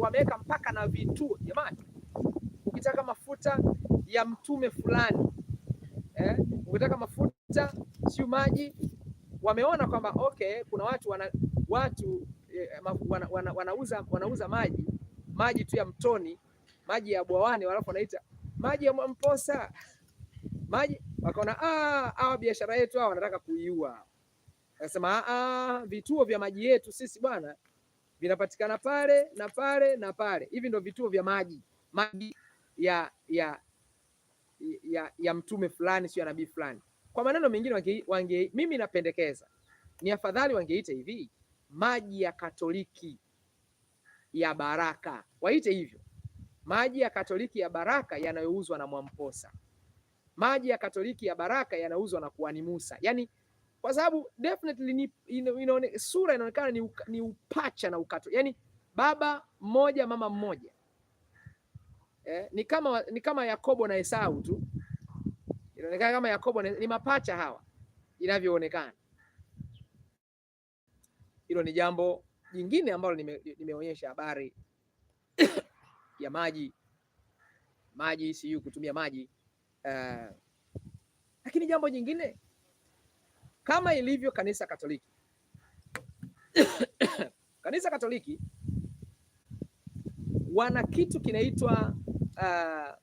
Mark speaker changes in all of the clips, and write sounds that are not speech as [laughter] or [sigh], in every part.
Speaker 1: wameweka mpaka na vituo jamani. Ukitaka mafuta ya mtume fulani eh, ukitaka mafuta siu maji, wameona kwamba okay, kuna watu wana, watu eh, wana, wana, wanauza, wanauza maji maji tu ya mtoni, maji ya bwawani, alafu wanaita maji ya Mwamposa maji. Wakaona ah, hawa biashara yetu hawa wanataka kuiua, akasema ah, ah, vituo vya maji yetu sisi bwana vinapatikana pale na pale na pale. Hivi ndio vituo vya maji maji ya ya ya, ya mtume fulani, sio ya nabii fulani. Kwa maneno mengine wange, wange, mimi napendekeza ni afadhali wangeita hivi maji ya Katoliki ya baraka, waite hivyo maji ya Katoliki ya baraka yanayouzwa na Mwamposa, maji ya Katoliki ya baraka yanauzwa na kuani Musa, yani kwa sababu definitely ni, inaone, sura inaonekana ni, ni upacha na ukato, yaani baba mmoja mama mmoja eh, ni kama ni kama Yakobo na Esau tu, inaonekana kama Yakobo ni mapacha hawa inavyoonekana. Hilo ni jambo jingine ambalo nime, nimeonyesha habari ya maji maji siyo kutumia maji uh, lakini jambo jingine kama ilivyo kanisa Katoliki. [coughs] Kanisa Katoliki wana kitu kinaitwa uh,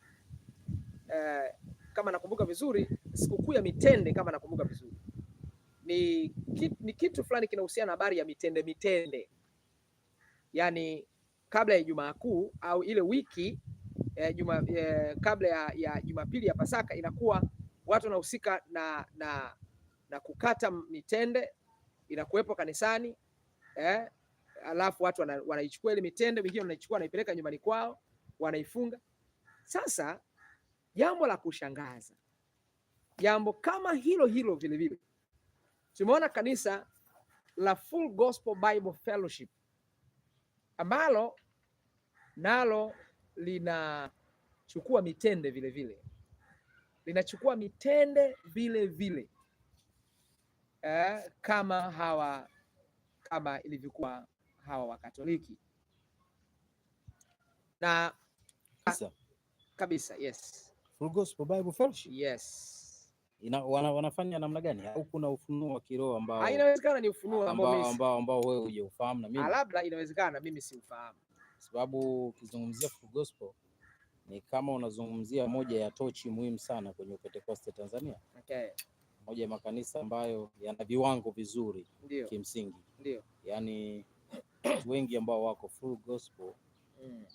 Speaker 1: uh, kama nakumbuka vizuri, sikukuu ya mitende, kama nakumbuka vizuri ni, kit, ni kitu fulani kinahusiana na habari ya mitende mitende, yaani kabla ya Ijumaa Kuu au ile wiki eh, juma, eh, kabla ya Jumapili ya, ya Pasaka inakuwa watu wanahusika na, na na kukata mitende inakuwepo kanisani eh, alafu watu wanaichukua ile mitende, wengine wanaichukua wanaipeleka nyumbani kwao wanaifunga. Sasa jambo la kushangaza, jambo kama hilo hilo vilevile tumeona kanisa la Full Gospel Bible Fellowship ambalo nalo linachukua mitende vilevile, linachukua mitende vilevile eh, kama hawa kama ilivyokuwa hawa Wakatoliki na kabisa, kabisa yes.
Speaker 2: Full Gospel Bible Fellowship yes. Ina, wana, wanafanya namna gani au kuna ufunuo wa kiroho ambao
Speaker 1: ah, inawezekana ni ufunuo
Speaker 2: ambao ambao ambao wewe hujaufahamu na mimi
Speaker 1: Ah, labda inawezekana mimi siufahamu,
Speaker 2: sababu ukizungumzia Full Gospel ni kama unazungumzia moja ya tochi muhimu sana kwenye Pentecost Tanzania. Okay moja ya makanisa ambayo yana viwango vizuri Ndiyo. Kimsingi Ndiyo. Yani watu wengi ambao wako full gospel mm.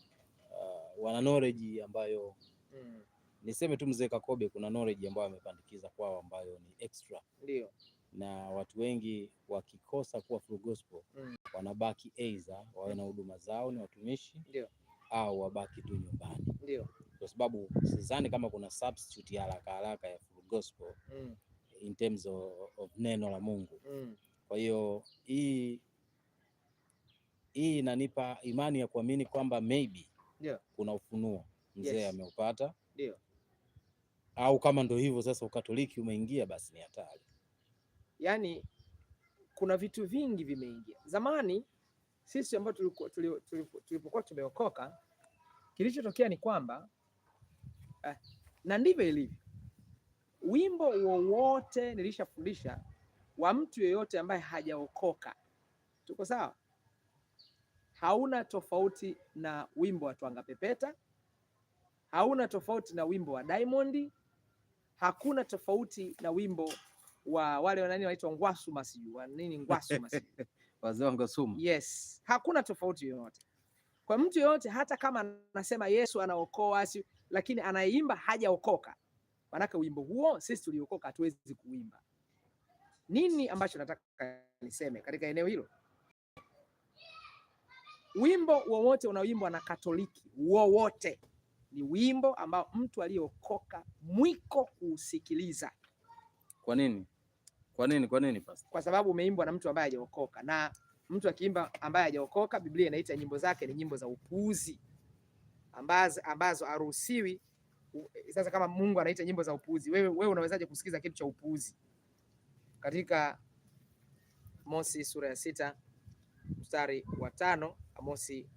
Speaker 2: uh, wana knowledge ambayo mm. niseme tu mzee Kakobe, kuna knowledge ambayo amepandikiza kwao ambayo ni extra Ndiyo. na watu wengi wakikosa kuwa full gospel mm. wanabaki aidha wawe na huduma zao ni watumishi Ndiyo. au wabaki tu nyumbani Ndiyo. kwa sababu sidhani kama kuna substitute ya haraka haraka ya full gospel mm in terms of, of neno la Mungu mm. Kwa hiyo hii hii inanipa imani ya kuamini kwamba maybe yeah. kuna ufunuo mzee yes. ameupata yeah. au kama ndo hivyo sasa ukatoliki umeingia, basi ni hatari.
Speaker 1: yaani kuna vitu vingi vimeingia. Zamani sisi ambao tulipokuwa tumeokoka, kilichotokea ni kwamba eh, na ndivyo ilivyo wimbo wowote nilishafundisha wa mtu yeyote ambaye hajaokoka, tuko sawa, hauna tofauti na wimbo wa Twanga Pepeta, hauna tofauti na wimbo wa Diamond, hakuna tofauti na wimbo wa wale wanani wanaitwa Ngwasuma, sijui wa nini Ngwasuma, sijui
Speaker 2: [laughs] wazee wa Ngwasuma.
Speaker 1: Yes, hakuna tofauti yoyote kwa mtu yoyote, hata kama anasema Yesu anaokoa, lakini anayeimba hajaokoka Maanake wimbo huo sisi tuliokoka hatuwezi kuimba. Nini ambacho nataka niseme katika eneo hilo? Wimbo wowote unaoimbwa na Katoliki wowote ni wimbo ambao mtu aliyeokoka mwiko kuusikiliza.
Speaker 2: Kwa nini? Kwa nini? Kwa nini pastor?
Speaker 1: Kwa sababu umeimbwa na mtu ambaye hajaokoka, na mtu akiimba ambaye hajaokoka, Biblia inaita nyimbo zake ni nyimbo za upuuzi ambazo haruhusiwi sasa kama Mungu anaita nyimbo za upuuzi, wewe, wewe unawezaje kusikiza kitu cha upuzi Katika Mosi sura ya sita mstari wa tano Amosi